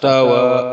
tawa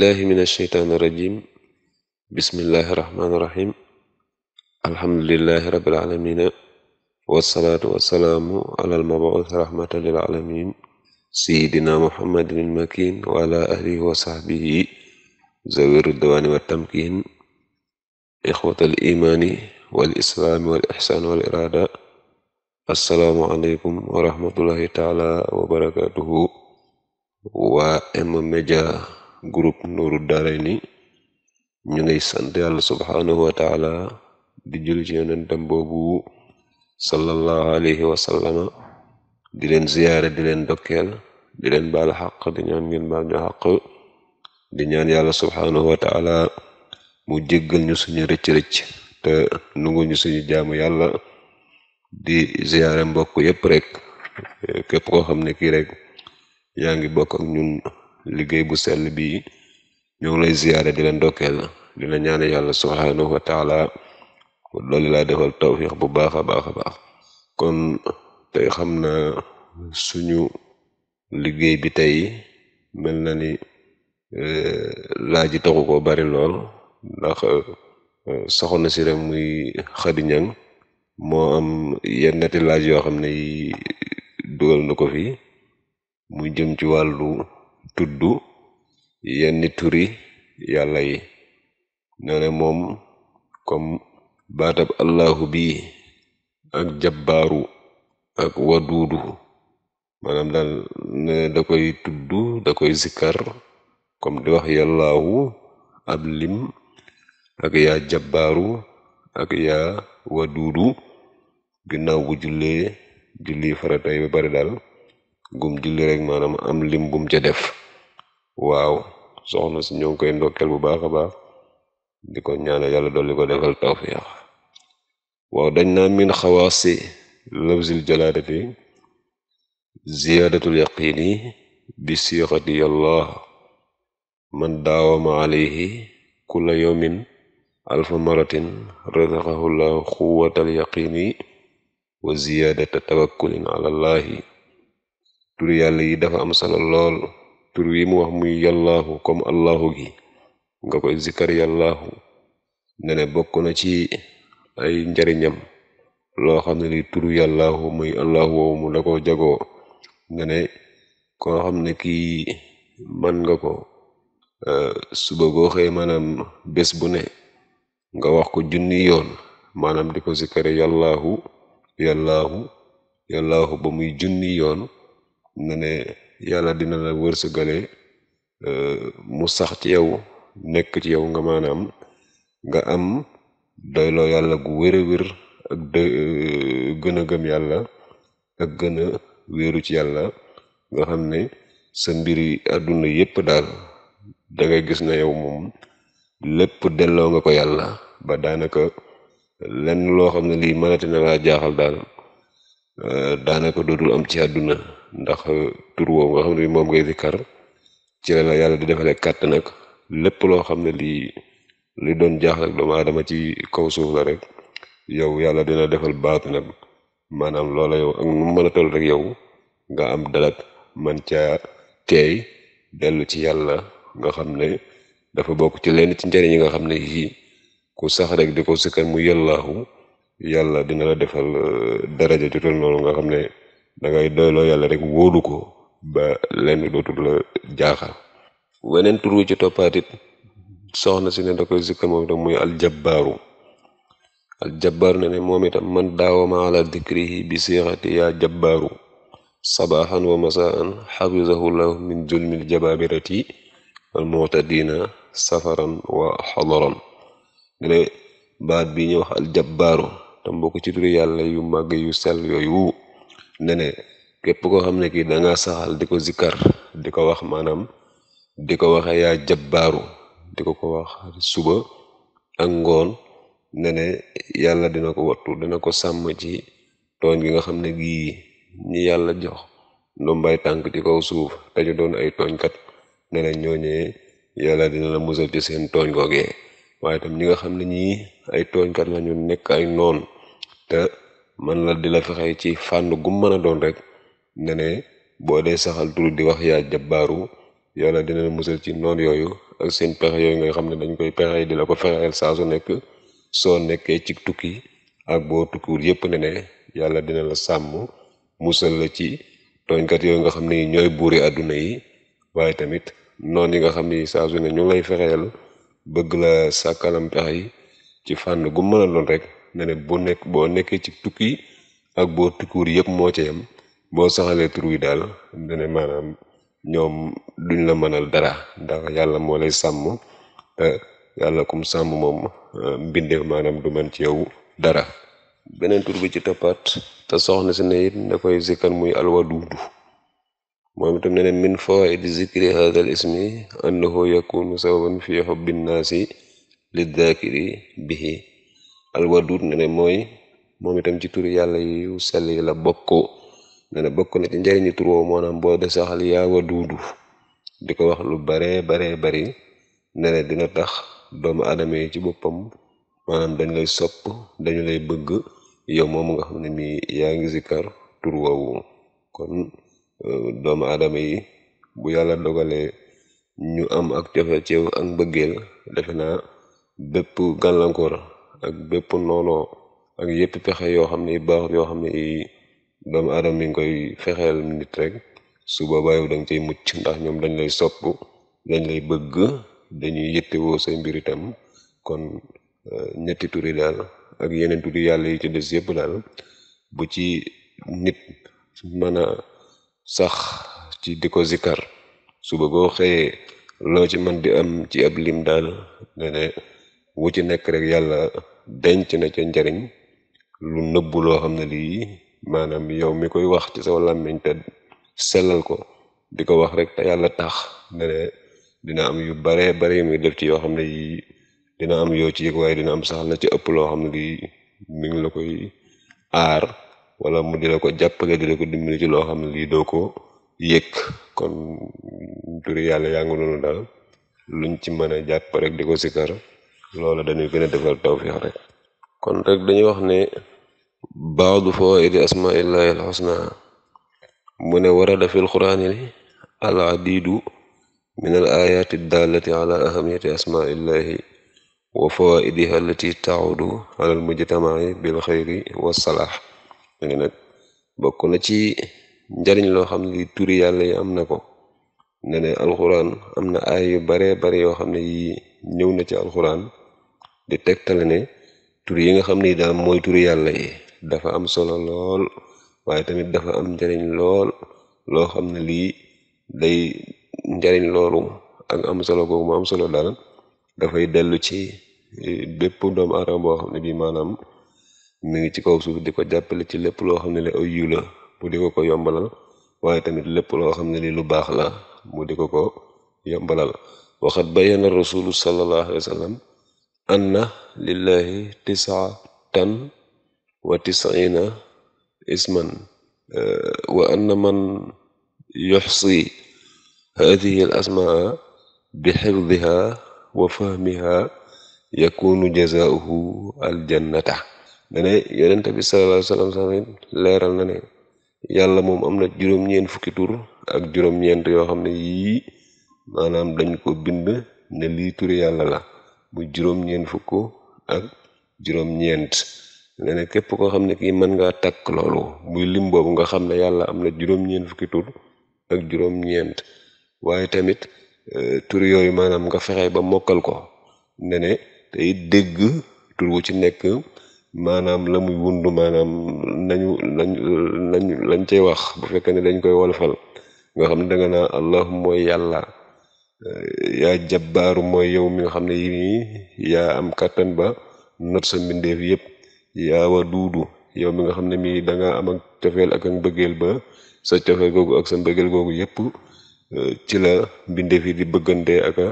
billahi min asheytaani irajim bismillahi irrahmaani irrahim alhamdulilahi rabbil alamina wassalaatu wassalaamu ala almabuuth rahmatan lil alamin sayidina muhammadin almakin wa ala ahlihi wa sahbihi zawi ridwaani wa tamkin ixwata al imaani wal islaami wal ixsaan wal iraada assalaamu aleykum wa rahmatullahi taala wa barakaatuhu waa M Media groupe Nouru Darayni ñu ngay sant yàlla subhaanahu wa taala di jul ci yonentam boobu sallallahu alayhi wa di leen ziyaare di leen dokkeel di leen baal xaq di ñaan ngeen di ñaan yàlla subhaanahu wa taala mu jéggal ñu suñu rëcc-rëcc te nungu ñu suñu jaamu yàlla di ziyaare mbokk yépp rek képp koo xam ne kii rek yaa ñun liggéey bu sell bi ñu ngi lay ziyaare di la ndokkeel di la ñaan yàlla subhaanahu wa taala loolu laa defal tawfiq bu baax a baax a baax kon tey xam na suñu liggéey bi tey mel na ni eh, laaj ji taxu ko bari lool ndax eh, soxna si rek muy Xadi Ñaŋ moo am yennati laaj yoo xam ne dugal na ko fi mu jëm ci wàllu tudd yenn turi yàlla yi none moom comme baatab allahu bii ak jabbaaru ak waduudu maanaam daal ne da koy tudd da koy sikar comme di wax yàllaahu ab lim ak yaa jabbaaru ak yaa waduudu ginnaaw bu jullee julli faratay ba pare daal gum julli rek maanaam am lim bum ca waaw soxna si ñoo ngi koy ndokkeel bu baax a baax di ko ñaanal yàlla dolli ko defal tawfiq waaw dañ naa min xawaasi lafzil jalaalati ziyaadatul yaqiini bi siixati yallah man daawama alayhi kulla yawmin alfa maratin razaqahu llahu quwatal yaqiini wa ziyaadata tawakkulin ala llahi yi dafa am solo lool tur wi mu wax muy yàllaahu comme allahu gi nga koy zikkar yàllaahu ne ne na ci ay njariñam loo xam ne li turu yàllaahu muy allahu woowu mu la ko jagoo nga ne xam ne kii man nga ko e, suba goo xëy maanaam bés bu ne nga wax ko junni yoon maanaam di ko zikkare yàllaahu yàllaahu yàllaahu ba muy junni yoon ne yàlla dina la wër wërsëgale euh, mu sax ci yow nekk ci yow nga am nga am doyloo yàlla gu wér a wér ak de euh, gëm yàlla ak gën a ci yàlla nga xam ne sa mbiri àdduna yépp daal dangay gis na yow moom lépp delloo nga ko yàlla ba daanaka lenn loo xam ne lii mënati laa jaaxal daal euh, daanaka dootul am ci àdduna ndax euh, tur woowu nga xam ne moom ngay zikkar ci la la yàlla di defale kàtt nag lépp loo xam ne lii li doon jaax rek doomu aadama ci kaw suuf la rek yow yàlla dina defal baat nag maanaam loola yow ak yow nga am dalat man ca teey dellu ci yàlla nga xam ne dafa bokk ci lenn ci njariñ yi nga xam ne yii ku sax rek di ko sikkan mu yàllaahu yàlla dina la defal euh, daraja ju toll noonu nga xam ne da ngay doyloo yàlla rek wóolu ko ba lenn dootul la jaaxal tur wi ci soxna si ne da koy zikkar moom itam muy aljabbaaru aljabbaaru ne ne moom itam man daawama ala dikrihi bi siixati yaa jabbaaru sabaxan wa masaan xafizahu llahu min zulmil jabaabirati wal muctadina safaran wa xadaran ne baat bi ñu wax aljabbaaru tam bokk ci turi yu màgg yu sell yooyu ne ne képp koo xam ne kii da nga saxal di ko zikkar di ko wax maanaam di ko waxe yaa jabbaaru di ko ko wax suba ak ngoon ne ne yàlla dina ko wattu dina ko sàmm ci tooñ gi nga xam ne gii ñi yàlla jox mbay tànk ci kaw suuf te doon ay tooñkat ne ne ñooñee yàlla dina la musal ci seen tooñ googee waaye tam ñi nga xam ne ñii ay tooñkat lañu nekk ay noon te man la di la fexe ci fànn gum mën a doon rek nga ne boo dee saxal tur di wax yaa jabbaaru yàlla dina la musal ci noon yooyu ak seen pexe yooyu nga xam ne dañ koy pexe dina la ko fexeel saa soo nekkee ci tukki ak boo tukkiwul yépp ne yàlla dina la sàmm musal la ci tooñkat yooyu nga xam ne ñooy buuri àdduna yi waaye tamit noon yi nga xam ne saa ne ñu lay fexeel bëgg la sàkkalam pexe yi ci fànn gu mën a doon rek ne ne boo nekk boo nekkee ci tukki ak boo tukkiwul yëpp moo ci yem boo saxalee tur wi daal dene maanaam ñoom duñ la mënal dara ndax yàlla moo lay sàmm yàlla kum sàmm moom euh, mbindeef maanaam du man ci yow dara beneen tur bi ci toppaat te soxna si ne it da koy zikkar muy alwaduudu moom itam ne ne min fawaidi zikri hadal ismi annahu yakunu sababan fi xubbi nnaasi liddaakiri bihi alwadud duut ne mooy moom itam ci turi yàlla yu sell yi la bokk ne ne bokk na ci njëriñu tur woowu moo naam boo de saxal yaa waduudu di ko wax lu baree baree bari ne dina tax doomu aadama yi ci boppam maanaam dañ lay sopp dañu lay bëgg yow moom nga xam ne mi yaa ngi zikkar tur woowu kon euh, doomu aadama yi bu yàlla dogalee ñu am ak cofe ceew am mbëggeel defe naa bépp gàllankoor ak bépp noonoo ak yépp pexe yoo xam ne i baax yoo xam ne i doomu aadama mi ngi koy fexeel nit rek su boobaa yow da nga cay mucc ndax ñoom dañ lay sopp dañ lay bëgg dañuy yëttewoo say mbir itam kon eh, ñetti turi daal ak yeneen turi yàlla yi ci des yëpp daal bu ci nit mën a sax ci di ko sikar suba boo xëyee loo ci man di am ci ab lim daal ne wu ci nekk rek yàlla denc na ca njariñ lu nëbbu loo xam ne lii maanaam yow mi koy wax ci sa làmmiñ te sellal ko di ko wax rek te yàlla tax ne dina am yu bare bare muy def ci yoo xam ne yii dina am yoo ci waaye dina am sax ci ëpp loo xam ne lii mi la koy aar wala mu di la ko jàppale di la ko dimbali ci loo xam ne lii doo ko yëk kon turi yàlla yaa ngi noonu daal luñ ci mën a jàpp rek di ko sikkar loola dañuy gën a defal tawfiix rek kon rek dañuy wax ne baadu fawaidi asmaillahi alxusna mu ne warada fi lquraani li al min al ayaati dallati ala ahamiyati asmaillahi wa fawaidiha allati taudu ala al mujtamaci bil xayri wa salaax ngi nag bokk na ci njariñ loo xam ne turi yàlla yi am na ko ne ne am na ay yu bare bare yoo xam ne yi ñëw na ci alxuraan di tegtale ne tur yi nga xam ne daal mooy turu yàlla yi dafa am solo lool waaye tamit dafa am njariñ lool loo xam ne lii day njariñ loolu ak am solo googu mu am solo daal dafay dellu ci eh, bépp doomu aadama boo xam ne bii maanaam mi ngi ci kaw suuf di ko jàppale ci lépp loo xam ne li aw yiw mu di ko ko yombalal waaye tamit lépp loo xam ne li lu baax la mu di ko ko yombalal waxat bayyana rasulu sallallahu alayhi wa sallam anna lillahi tisaatan wa tisina isman eh, wa anna man yuxsi hadihi al asmaa bi xifdiha wa fahmiha yakunu jazaauhu aljannata dane yonent bi sallallahu alayhi wa sallam leeral na ne moom am na juróom-ñeent fukki ak juróom-ñeent yoo xam ne yii maanaam dañ ko bind ne lii turi la muy juróom-ñeent fukk ak juróom-ñeent nee na képp koo xam ne kii mën ngaa takk loolu muy lim nga xam ne yàlla am na juróom-ñeent fukki tur ak juróom-ñeent waaye tamit eh, tur yooyu maanaam nga fexe ba mokkal ko ne ne tey dégg tur wu ci nekk maanaam la muy wund maanaam nañu lañ lañ lañ cay wax bu fekkee ne dañ koy wolofal nga xam ne danga naa allah mooy yàlla yaa jabbaaru mooy yow mi nga xam ne yi yaa am kàttan ba not sa mbindeef yépp yaa waduudu yow mi nga xam ne mii da nga am ak cofeel ak ak mbëggeel ba sa cofeel googu ak sa mbëggeel googu yépp euh, ci la mbindeef yi di bëggante ak a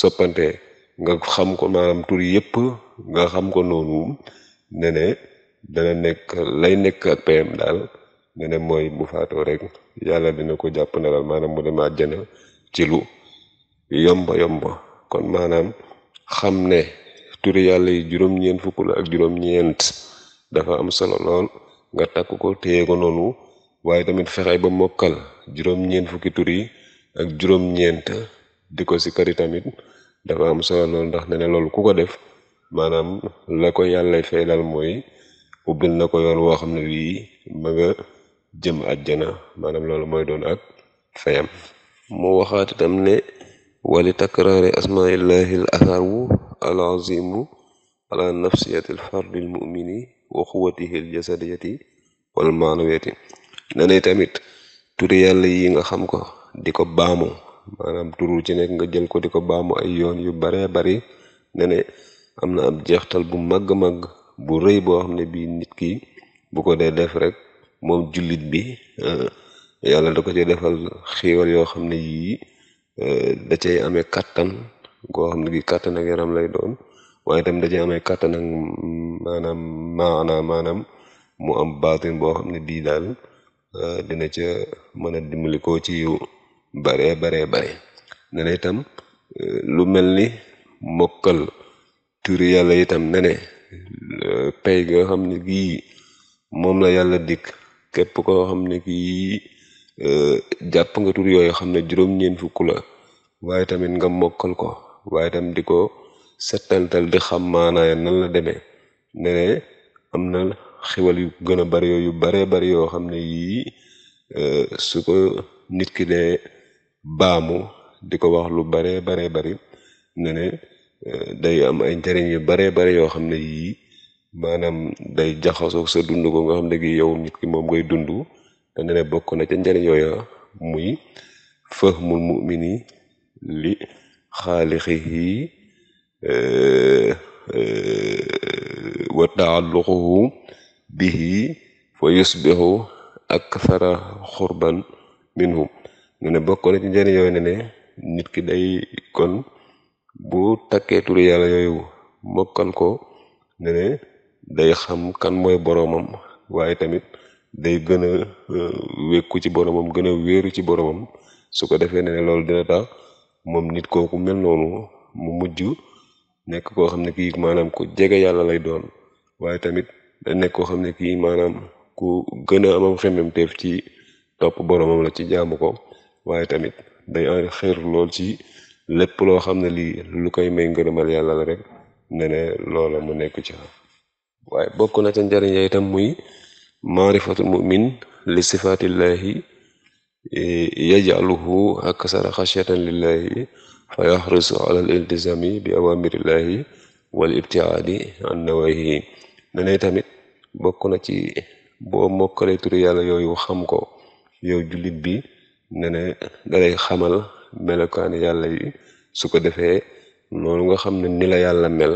soppante nga xam ko maanaam tur yépp nga xam ko noonu ne ne dana nekk lay nekk ak payam daal ne ne mooy bu faatoo rek yàlla dina ko jàpp ne daal maanaam mu dem àjjana ci lu yomba yomba kon maanaam xam ne turi yàlla yi juróom-ñeent fukk juróom-ñeent dafa am solo lool nga takk ko téye ko noonu waaye tamit fexe ba mokkal juróom-ñeent fukki turi yi ak juróom-ñeent di ko si kari tamit dafa am solo lool ndax ne ne loolu ku ko def maanaam la ko yàlla fay dal mooy ubbil na ko yoon woo xam ne bii ma nga jëm àjjana maanaam loolu mooy doon ak fayam mu waxaat itam ne wali takraari asmaillahi l azamu alazimu ala nafsiyati l fardi l mumini wa quwatihi l jasadiyati wal tamit turi yàlla yi nga xam ko di ko baamu maanaam turu nga jël ko di ko baamu ay yoon yu baree bari ne ne am na ab jeextal bu màgg-màgg bu rëy boo xam ne bii nit ki bu ko dee def rek mom jullit bi euh, yàlla da ko ci defal xéewal yoo xam ne yii Eh, da cay amee kattan goo xam ne gi kattan ak yaram lay doon waaye itam da cay amee kattan ak maana mu am baatin boo xam ne bii daal eh, dina ca mën a ko ci yu baree bare ne itam eh, lu mel ni mokkal turi yàlla itam ne ne pay xam ne gii moom la yàlla dikk képp koo xam ne kii Euh, jàpp nga tur yooyu xam ne juróom-ñeent fukk la waaye tamit nga mokkal ko waaye tam di ko settantal di xam maanaaya nan la demee ne am na xewal yu gën a bari yu baree bari yoo xam ne yii euh, su nit ki dee baamu di ko wax lu baree baree bari ne euh, day am ay njariñ yu baree bari yoo xam ne yii maanaam day jaxasoo sa dund ko nga xam ne gi yow nit ki moom ngay dund te nee na bokk na ca njëriñ yooya muy fahmul mumini li xaalixihi eh, eh, wa taalluquhu bihi fa yusbihu akthara xurban minhu nee na bokk na ci njëriñ yooyu ne ne nit ki day kon bu takkee turu yàlla yooyu mokkal ko ne day xam kan mooy boromam waaye tamit day gën a euh, wékku ci boromam gën a wéeru ci boromam su ko defee ne loolu dina tax moom nit kooku mel noonu mu mujj nekk koo xam ne kii maanaam ku jege yàlla lay doon waaye tamit da nekk koo xam ne kii maanaam ku gën a amam xemmemteef ci topp boromam la ci jaamu ko waaye tamit day xeer lool ci lépp loo xam ne lii lu koy may ngërëmal yàlla la rek ne loola mu nekk ci waaye bokk na ca njariñ ya itam muy maarifatu mumin li sifaatillahi e, yajaluhu akasara xashyatan lillahi fa yaxrisu ala al iltisami bi awamirillahi wal ibtiaadi an nawahi nenay tamit bokk na ci boo mokkale turi yàlla yooyu xam ko yow jullit bi ne ne dalay xamal melokaani yàlla yi su ko defee noonu nga xam ne ni la yàlla mel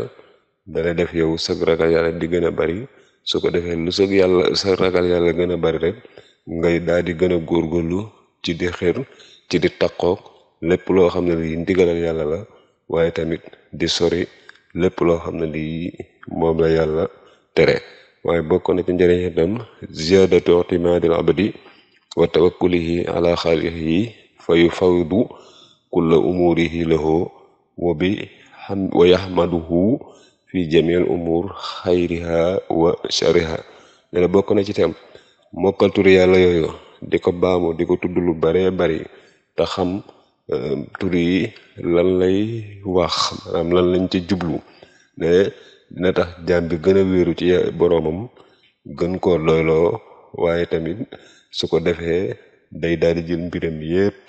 dalay def yow sëg ragal yàlla di gën a bari su ko defee nu sëg yàlla sa ragal yàlla gën a bari rek ngay daal di gën a góorgóorlu ci di xir ci di takkoog lépp loo xam ne lii ndigalal yàlla la waaye tamit di sori lépp loo xam ne lii moom la yàlla tere waaye bokk na ci njëriñ itam ziyadatu itimaadil abdi wa tawakkulihi ala xaaliqihi fa yufawwidu kulla umuurihi lahu wa bi wa yaxmaduhu fi jamil umur xayriha wa shariha ne na bokk na ci tem mokkal tur yàlla yooyu di ko baamu di ko tudd lu baree bari te xam euh, tur lan lay wax maanaam lan lañ ci jublu ne dina tax jaam bi gën a wéeru ci boroomam gën koo doyloo waaye tamit su ko defee day daal di jël mbiram yépp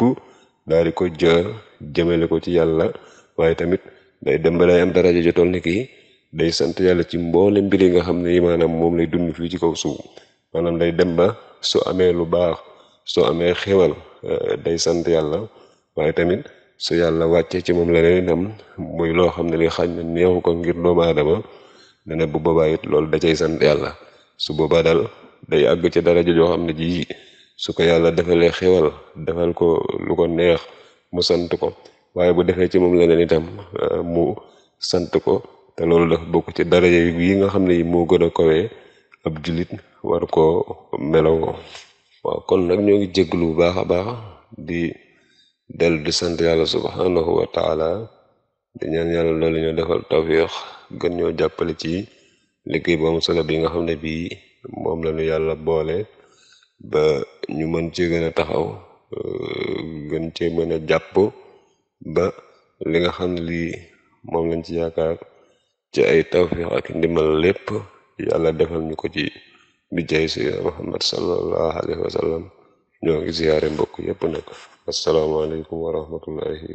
daal ko jë jëmale ko ci yàlla waaye tamit day dem ba day am daraja jotool day sant yàlla ci mboole mbir yi nga xam ne yi maanaam moom lay dund fii ci kaw suuf maanaam day dem ba soo amee lu baax soo amee xéwal euh, day sant yàlla waaye tamit su yàlla wàccee ci moom leneen itam muy loo xam ne li xañ na neexu ko ngir doomu aadama dana bu boobaa it loolu da cay sant yàlla su boobaa daal day àgg ci daraja joo xam ne ji su ko yàlla defalee xéwal defal ko lu ko neex mu sant ko waaye bu defee ci moom leneen itam euh, mu sant ko te loolu def bokk ci daraja yi nga xam ne yi moo gën a kowee ab jullit war koo melowoo waaw kon nag ñoo ngi lu bu baax a baax di dellu di sant yàlla subhanahu wa taala di ñaan yàlla loolu ñoo defal tawfiix gën ñoo jàppale ci liggéey bu am solo bi nga xam ne bii moom lañu yàlla boole ba ñu mën ci gën a taxaw euh, gën cee mën a jàpp ba li nga xam lii moom lañ ci yaakaar ci ay tawfiq ak ndimbal lépp yàlla defal ñu ko ci bi jaay sayyidina muhammad sallallahu alayhi wa sallam ziyaare mbokk yépp nag assalaamu alaykum wa rahmatullahi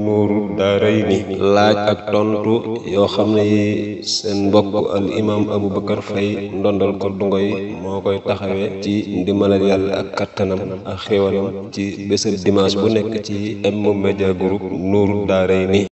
nuuru daarayni laaj ak tontu yoo xam ne yi seen mbokk al imaam Aboubacar Faye ndondal ko dungoy moo koy taxawee ci ndimbalal yàlla ak kattanam ak xéwalam ci bésëb dimanche bu nekk ci M Media Group nuuru daarayni